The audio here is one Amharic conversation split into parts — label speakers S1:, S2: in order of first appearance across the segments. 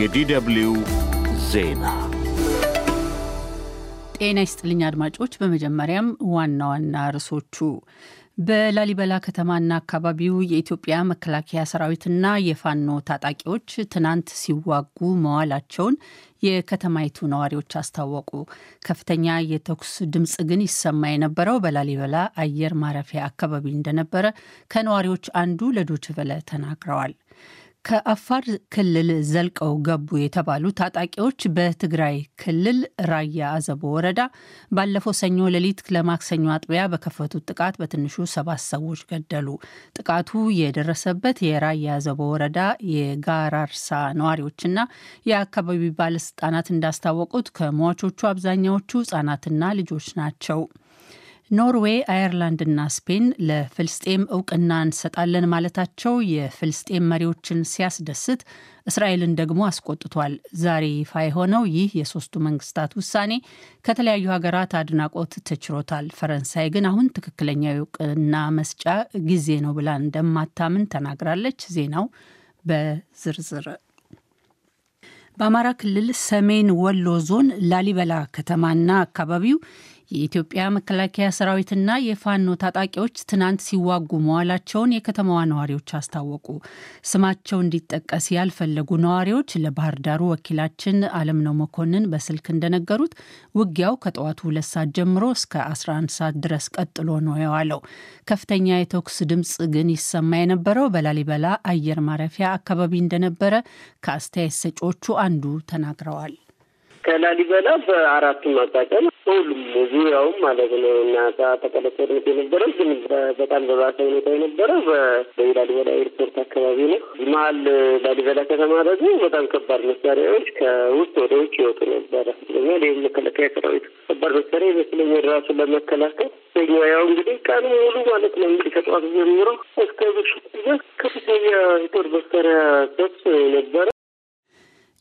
S1: የዲደብሊው ዜና ጤና ይስጥልኝ አድማጮች። በመጀመሪያም ዋና ዋና ርዕሶቹ በላሊበላ ከተማና አካባቢው የኢትዮጵያ መከላከያ ሰራዊትና የፋኖ ታጣቂዎች ትናንት ሲዋጉ መዋላቸውን የከተማይቱ ነዋሪዎች አስታወቁ። ከፍተኛ የተኩስ ድምፅ ግን ይሰማ የነበረው በላሊበላ አየር ማረፊያ አካባቢ እንደነበረ ከነዋሪዎች አንዱ ለዶችቨለ ተናግረዋል። ከአፋር ክልል ዘልቀው ገቡ የተባሉ ታጣቂዎች በትግራይ ክልል ራያ አዘቦ ወረዳ ባለፈው ሰኞ ሌሊት ለማክሰኞ አጥቢያ በከፈቱት ጥቃት በትንሹ ሰባት ሰዎች ገደሉ። ጥቃቱ የደረሰበት የራያ አዘቦ ወረዳ የጋራርሳ ነዋሪዎችና የአካባቢ ባለስልጣናት እንዳስታወቁት ከሟቾቹ አብዛኛዎቹ ህጻናትና ልጆች ናቸው። ኖርዌይ፣ እና ስፔን ለፍልስጤም እውቅና እንሰጣለን ማለታቸው የፍልስጤም መሪዎችን ሲያስደስት እስራኤልን ደግሞ አስቆጥቷል። ዛሬ ይፋ የሆነው ይህ የሶስቱ መንግስታት ውሳኔ ከተለያዩ ሀገራት አድናቆት ተችሮታል። ፈረንሳይ ግን አሁን ትክክለኛ የእውቅና መስጫ ጊዜ ነው ብላ እንደማታምን ተናግራለች። ዜናው በዝርዝር በአማራ ክልል ሰሜን ወሎ ዞን ላሊበላ ከተማና አካባቢው የኢትዮጵያ መከላከያ ሰራዊትና የፋኖ ታጣቂዎች ትናንት ሲዋጉ መዋላቸውን የከተማዋ ነዋሪዎች አስታወቁ። ስማቸው እንዲጠቀስ ያልፈለጉ ነዋሪዎች ለባህር ዳሩ ወኪላችን አለምነው መኮንን በስልክ እንደነገሩት ውጊያው ከጠዋቱ ሁለት ሰዓት ጀምሮ እስከ 11 ሰዓት ድረስ ቀጥሎ ነው የዋለው። ከፍተኛ የተኩስ ድምፅ ግን ይሰማ የነበረው በላሊበላ አየር ማረፊያ አካባቢ እንደነበረ ከአስተያየት ሰጪዎቹ አንዱ ተናግረዋል። ከላሊበላ በአራቱም አቃጠል ሁሉም ዙሪያውም ማለት ነው እና ተቀለቀድነት የነበረው ግን በጣም በባሰ ሁኔታ የነበረው በላሊበላ ኤርፖርት አካባቢ ነው። መሀል ላሊበላ ከተማ ደግሞ በጣም ከባድ መሳሪያዎች ከውስጥ ወደ ውጭ ይወጡ ነበረ እና ሌ መከላከያ ሰራዊት ከባድ መሳሪያ ይመስለኛል ራሱ ለመከላከል ኛ ያው እንግዲህ ቀኑ ሙሉ ማለት ነው እንግዲህ ከጠዋት ጀምሮ እስከ ብሽ ከፍተኛ የጦር መሳሪያ ሰብስ ነበረ።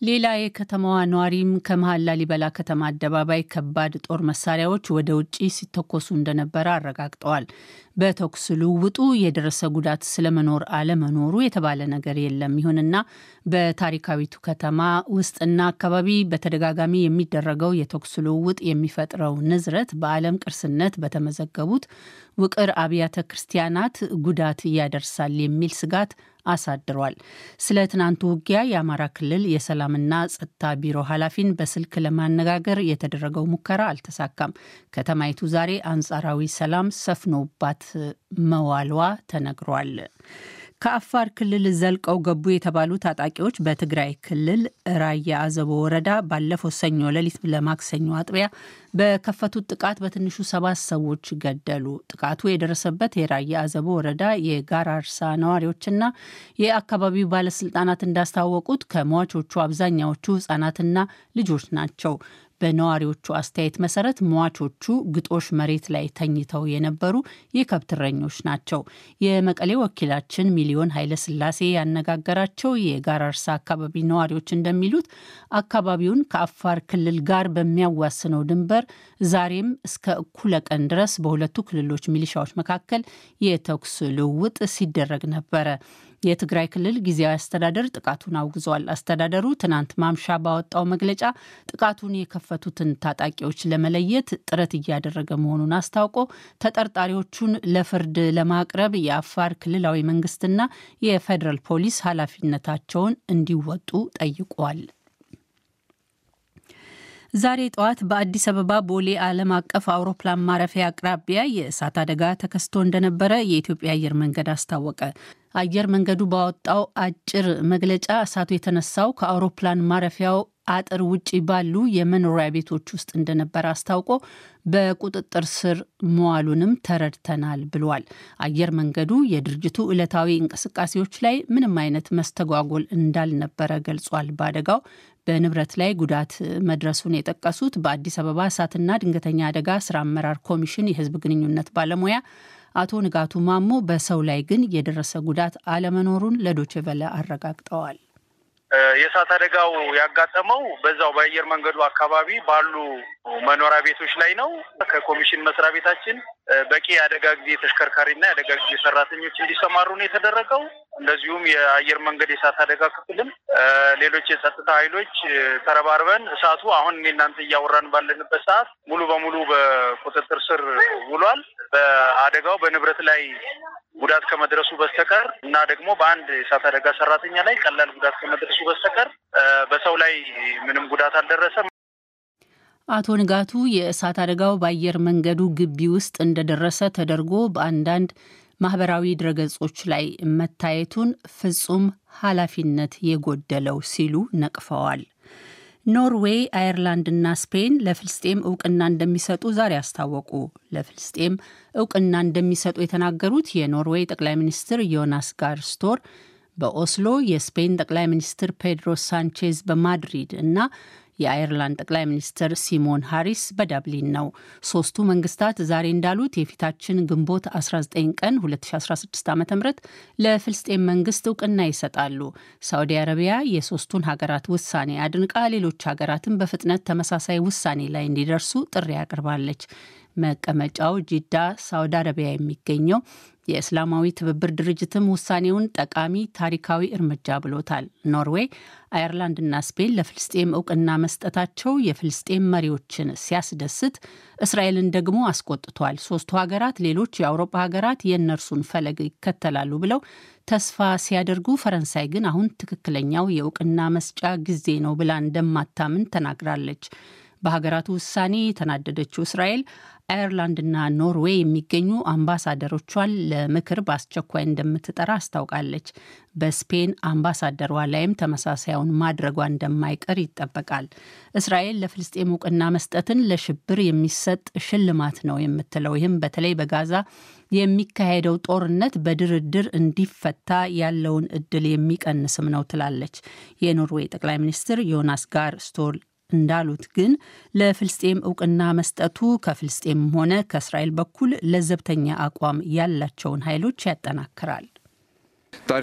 S1: ሌላ የከተማዋ ነዋሪም ከመሀል ላሊበላ ከተማ አደባባይ ከባድ ጦር መሳሪያዎች ወደ ውጭ ሲተኮሱ እንደነበረ አረጋግጠዋል። በተኩስ ልውውጡ የደረሰ ጉዳት ስለመኖር አለመኖሩ የተባለ ነገር የለም። ይሁንና በታሪካዊቱ ከተማ ውስጥና አካባቢ በተደጋጋሚ የሚደረገው የተኩስ ልውውጥ የሚፈጥረው ንዝረት በዓለም ቅርስነት በተመዘገቡት ውቅር አብያተ ክርስቲያናት ጉዳት ያደርሳል የሚል ስጋት አሳድሯል። ስለ ትናንቱ ውጊያ የአማራ ክልል የሰላምና ጸጥታ ቢሮ ኃላፊን በስልክ ለማነጋገር የተደረገው ሙከራ አልተሳካም። ከተማይቱ ዛሬ አንጻራዊ ሰላም ሰፍኖባት መዋሏ ተነግሯል። ከአፋር ክልል ዘልቀው ገቡ የተባሉ ታጣቂዎች በትግራይ ክልል ራያ አዘቦ ወረዳ ባለፈው ሰኞ ሌሊት ለማክሰኞ አጥቢያ በከፈቱት ጥቃት በትንሹ ሰባት ሰዎች ገደሉ። ጥቃቱ የደረሰበት የራያ አዘቦ ወረዳ የጋራርሳ ነዋሪዎችና የአካባቢው ባለስልጣናት እንዳስታወቁት ከሟቾቹ አብዛኛዎቹ ህጻናትና ልጆች ናቸው። በነዋሪዎቹ አስተያየት መሰረት ሟቾቹ ግጦሽ መሬት ላይ ተኝተው የነበሩ የከብት እረኞች ናቸው። የመቀሌ ወኪላችን ሚሊዮን ኃይለስላሴ ያነጋገራቸው የጋራ እርሳ አካባቢ ነዋሪዎች እንደሚሉት አካባቢውን ከአፋር ክልል ጋር በሚያዋስነው ድንበር ዛሬም እስከ እኩለ ቀን ድረስ በሁለቱ ክልሎች ሚሊሻዎች መካከል የተኩስ ልውውጥ ሲደረግ ነበረ። የትግራይ ክልል ጊዜያዊ አስተዳደር ጥቃቱን አውግዟል። አስተዳደሩ ትናንት ማምሻ ባወጣው መግለጫ ጥቃቱን የከፈቱትን ታጣቂዎች ለመለየት ጥረት እያደረገ መሆኑን አስታውቆ ተጠርጣሪዎቹን ለፍርድ ለማቅረብ የአፋር ክልላዊ መንግስትና የፌዴራል ፖሊስ ኃላፊነታቸውን እንዲወጡ ጠይቋል። ዛሬ ጠዋት በአዲስ አበባ ቦሌ ዓለም አቀፍ አውሮፕላን ማረፊያ አቅራቢያ የእሳት አደጋ ተከስቶ እንደነበረ የኢትዮጵያ አየር መንገድ አስታወቀ። አየር መንገዱ ባወጣው አጭር መግለጫ እሳቱ የተነሳው ከአውሮፕላን ማረፊያው አጥር ውጪ ባሉ የመኖሪያ ቤቶች ውስጥ እንደነበረ አስታውቆ በቁጥጥር ስር መዋሉንም ተረድተናል ብሏል። አየር መንገዱ የድርጅቱ ዕለታዊ እንቅስቃሴዎች ላይ ምንም አይነት መስተጓጎል እንዳልነበረ ገልጿል። በአደጋው በንብረት ላይ ጉዳት መድረሱን የጠቀሱት በአዲስ አበባ እሳትና ድንገተኛ አደጋ ስራ አመራር ኮሚሽን የህዝብ ግንኙነት ባለሙያ አቶ ንጋቱ ማሞ በሰው ላይ ግን የደረሰ ጉዳት አለመኖሩን ለዶችቨለ አረጋግጠዋል። የእሳት አደጋው ያጋጠመው በዛው በአየር መንገዱ አካባቢ ባሉ መኖሪያ ቤቶች ላይ ነው። ከኮሚሽን መስሪያ ቤታችን በቂ የአደጋ ጊዜ ተሽከርካሪና የአደጋ ጊዜ ሰራተኞች እንዲሰማሩ ነው የተደረገው። እንደዚሁም የአየር መንገድ የእሳት አደጋ ክፍልም ሌሎች የጸጥታ ኃይሎች ተረባርበን እሳቱ አሁን እኔ እናንተ እያወራን ባለንበት ሰዓት ሙሉ በሙሉ በቁጥጥር ስር ውሏል። በአደጋው በንብረት ላይ ጉዳት ከመድረሱ በስተቀር እና ደግሞ በአንድ የእሳት አደጋ ሰራተኛ ላይ ቀላል ጉዳት ከመድረሱ በስተቀር በሰው ላይ ምንም ጉዳት አልደረሰም። አቶ ንጋቱ የእሳት አደጋው በአየር መንገዱ ግቢ ውስጥ እንደደረሰ ተደርጎ በአንዳንድ ማህበራዊ ድረገጾች ላይ መታየቱን ፍጹም ኃላፊነት የጎደለው ሲሉ ነቅፈዋል። ኖርዌይ፣ አየርላንድና ስፔን ለፍልስጤም እውቅና እንደሚሰጡ ዛሬ አስታወቁ። ለፍልስጤም እውቅና እንደሚሰጡ የተናገሩት የኖርዌይ ጠቅላይ ሚኒስትር ዮናስ ጋርስቶር በኦስሎ የስፔን ጠቅላይ ሚኒስትር ፔድሮ ሳንቼዝ በማድሪድ እና የአየርላንድ ጠቅላይ ሚኒስትር ሲሞን ሃሪስ በዳብሊን ነው። ሶስቱ መንግስታት ዛሬ እንዳሉት የፊታችን ግንቦት 19 ቀን 2016 ዓ ም ለፍልስጤም መንግስት እውቅና ይሰጣሉ። ሳዑዲ አረቢያ የሶስቱን ሀገራት ውሳኔ አድንቃ ሌሎች ሀገራትን በፍጥነት ተመሳሳይ ውሳኔ ላይ እንዲደርሱ ጥሪ አቅርባለች። መቀመጫው ጂዳ ሳውዲ አረቢያ የሚገኘው የእስላማዊ ትብብር ድርጅትም ውሳኔውን ጠቃሚ ታሪካዊ እርምጃ ብሎታል። ኖርዌይ፣ አየርላንድና ስፔን ለፍልስጤም እውቅና መስጠታቸው የፍልስጤም መሪዎችን ሲያስደስት፣ እስራኤልን ደግሞ አስቆጥቷል። ሶስቱ ሀገራት ሌሎች የአውሮፓ ሀገራት የእነርሱን ፈለግ ይከተላሉ ብለው ተስፋ ሲያደርጉ፣ ፈረንሳይ ግን አሁን ትክክለኛው የእውቅና መስጫ ጊዜ ነው ብላ እንደማታምን ተናግራለች። በሀገራቱ ውሳኔ የተናደደችው እስራኤል አየርላንድና ኖርዌይ የሚገኙ አምባሳደሮቿን ለምክር በአስቸኳይ እንደምትጠራ አስታውቃለች። በስፔን አምባሳደሯ ላይም ተመሳሳዩን ማድረጓ እንደማይቀር ይጠበቃል። እስራኤል ለፍልስጤም እውቅና መስጠትን ለሽብር የሚሰጥ ሽልማት ነው የምትለው ይህም በተለይ በጋዛ የሚካሄደው ጦርነት በድርድር እንዲፈታ ያለውን እድል የሚቀንስም ነው ትላለች። የኖርዌይ ጠቅላይ ሚኒስትር ዮናስ ጋር ስቶል እንዳሉት ግን ለፍልስጤም እውቅና መስጠቱ ከፍልስጤም ሆነ ከእስራኤል በኩል ለዘብተኛ አቋም ያላቸውን ኃይሎች ያጠናክራል። Er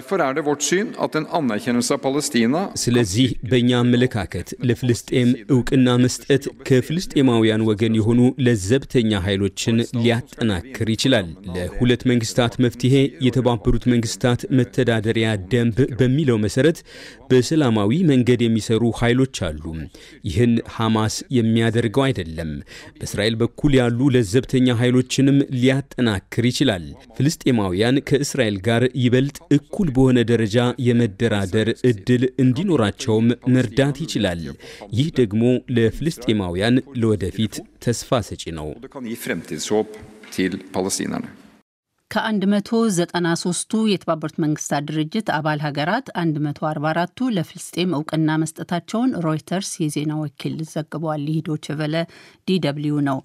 S1: ስለዚህ በእኛ አመለካከት ለፍልስጤም እውቅና መስጠት ከፍልስጤማውያን ወገን የሆኑ ለዘብተኛ ኃይሎችን ሊያጠናክር ይችላል። ለሁለት መንግስታት መፍትሄ የተባበሩት መንግስታት መተዳደሪያ ደንብ በሚለው መሰረት በሰላማዊ መንገድ የሚሰሩ ኃይሎች አሉ። ይህን ሐማስ የሚያደርገው አይደለም። በእስራኤል በኩል ያሉ ለዘብተኛ ኃይሎችንም ሊያጠናክር ይችላል። ፍልስጤማውያን ከእስራኤል ጋር ይበልጥ እኩል እኩል በሆነ ደረጃ የመደራደር እድል እንዲኖራቸውም መርዳት ይችላል። ይህ ደግሞ ለፍልስጤማውያን ለወደፊት ተስፋ ሰጪ ነው። ከ193ቱ የተባበሩት መንግስታት ድርጅት አባል ሀገራት 144ቱ ለፍልስጤም እውቅና መስጠታቸውን ሮይተርስ የዜና ወኪል ዘግቧል። ይህ ዶይቼ ቬለ ዲ ደብልዩ ነው።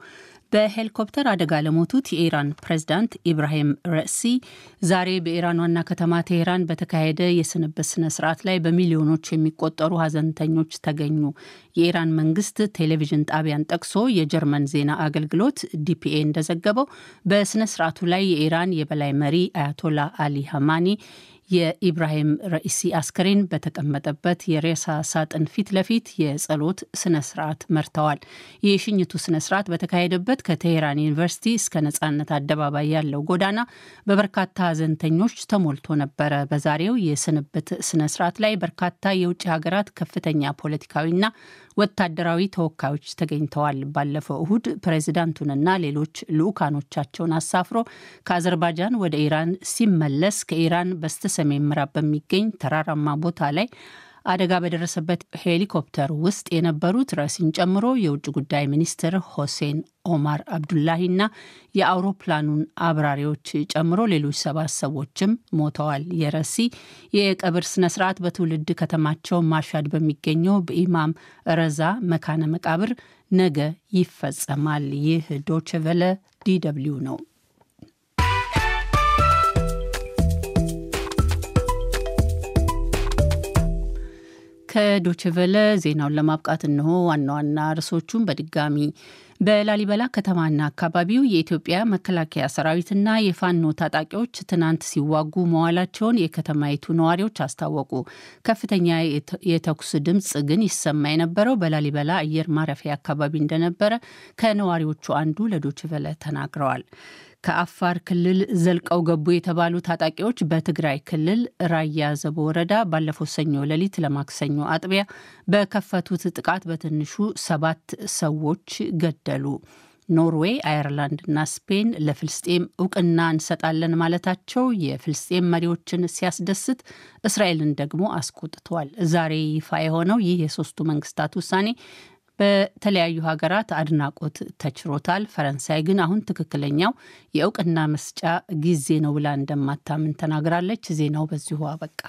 S1: በሄሊኮፕተር አደጋ ለሞቱት የኢራን ፕሬዝዳንት ኢብራሂም ረእሲ ዛሬ በኢራን ዋና ከተማ ቴሄራን በተካሄደ የስንብት ስነ ስርዓት ላይ በሚሊዮኖች የሚቆጠሩ ሀዘንተኞች ተገኙ። የኢራን መንግስት ቴሌቪዥን ጣቢያን ጠቅሶ የጀርመን ዜና አገልግሎት ዲፒኤ እንደዘገበው በስነ ስርዓቱ ላይ የኢራን የበላይ መሪ አያቶላ አሊ ሀማኒ የኢብራሂም ረኢሲ አስከሬን በተቀመጠበት የሬሳ ሳጥን ፊት ለፊት የጸሎት ስነ ስርዓት መርተዋል። የሽኝቱ ስነ ስርዓት በተካሄደበት ከቴሄራን ዩኒቨርሲቲ እስከ ነጻነት አደባባይ ያለው ጎዳና በበርካታ ሀዘንተኞች ተሞልቶ ነበረ። በዛሬው የስንብት ስነ ስርዓት ላይ በርካታ የውጭ ሀገራት ከፍተኛ ፖለቲካዊና ወታደራዊ ተወካዮች ተገኝተዋል። ባለፈው እሁድ ፕሬዚዳንቱንና ሌሎች ልዑካኖቻቸውን አሳፍሮ ከአዘርባጃን ወደ ኢራን ሲመለስ ከኢራን በስተ ሰሜን ምዕራብ በሚገኝ ተራራማ ቦታ ላይ አደጋ በደረሰበት ሄሊኮፕተር ውስጥ የነበሩት ረሲን ጨምሮ የውጭ ጉዳይ ሚኒስትር ሆሴን ኦማር አብዱላሂ እና የአውሮፕላኑን አብራሪዎች ጨምሮ ሌሎች ሰባት ሰዎችም ሞተዋል። የረሲ የቀብር ስነ ስርዓት በትውልድ ከተማቸው ማሻድ በሚገኘው በኢማም ረዛ መካነ መቃብር ነገ ይፈጸማል። ይህ ዶችቨለ ዲ ነው። ከዶችቨለ ዜናውን ለማብቃት እንሆ ዋና ዋና ርዕሶቹን በድጋሚ በላሊበላ ከተማና አካባቢው የኢትዮጵያ መከላከያ ሰራዊትና የፋኖ ታጣቂዎች ትናንት ሲዋጉ መዋላቸውን የከተማይቱ ነዋሪዎች አስታወቁ። ከፍተኛ የተኩስ ድምፅ ግን ይሰማ የነበረው በላሊበላ አየር ማረፊያ አካባቢ እንደነበረ ከነዋሪዎቹ አንዱ ለዶችቨለ ተናግረዋል። ከአፋር ክልል ዘልቀው ገቡ የተባሉ ታጣቂዎች በትግራይ ክልል ራያ ዘቦ ወረዳ ባለፈው ሰኞ ሌሊት ለማክሰኞ አጥቢያ በከፈቱት ጥቃት በትንሹ ሰባት ሰዎች ገደሉ። ኖርዌይ፣ አየርላንድ ና ስፔን ለፍልስጤም እውቅና እንሰጣለን ማለታቸው የፍልስጤም መሪዎችን ሲያስደስት እስራኤልን ደግሞ አስቆጥተዋል። ዛሬ ይፋ የሆነው ይህ የሶስቱ መንግስታት ውሳኔ በተለያዩ ሀገራት አድናቆት ተችሮታል። ፈረንሳይ ግን አሁን ትክክለኛው የእውቅና መስጫ ጊዜ ነው ብላ እንደማታምን ተናግራለች። ዜናው በዚሁ አበቃ።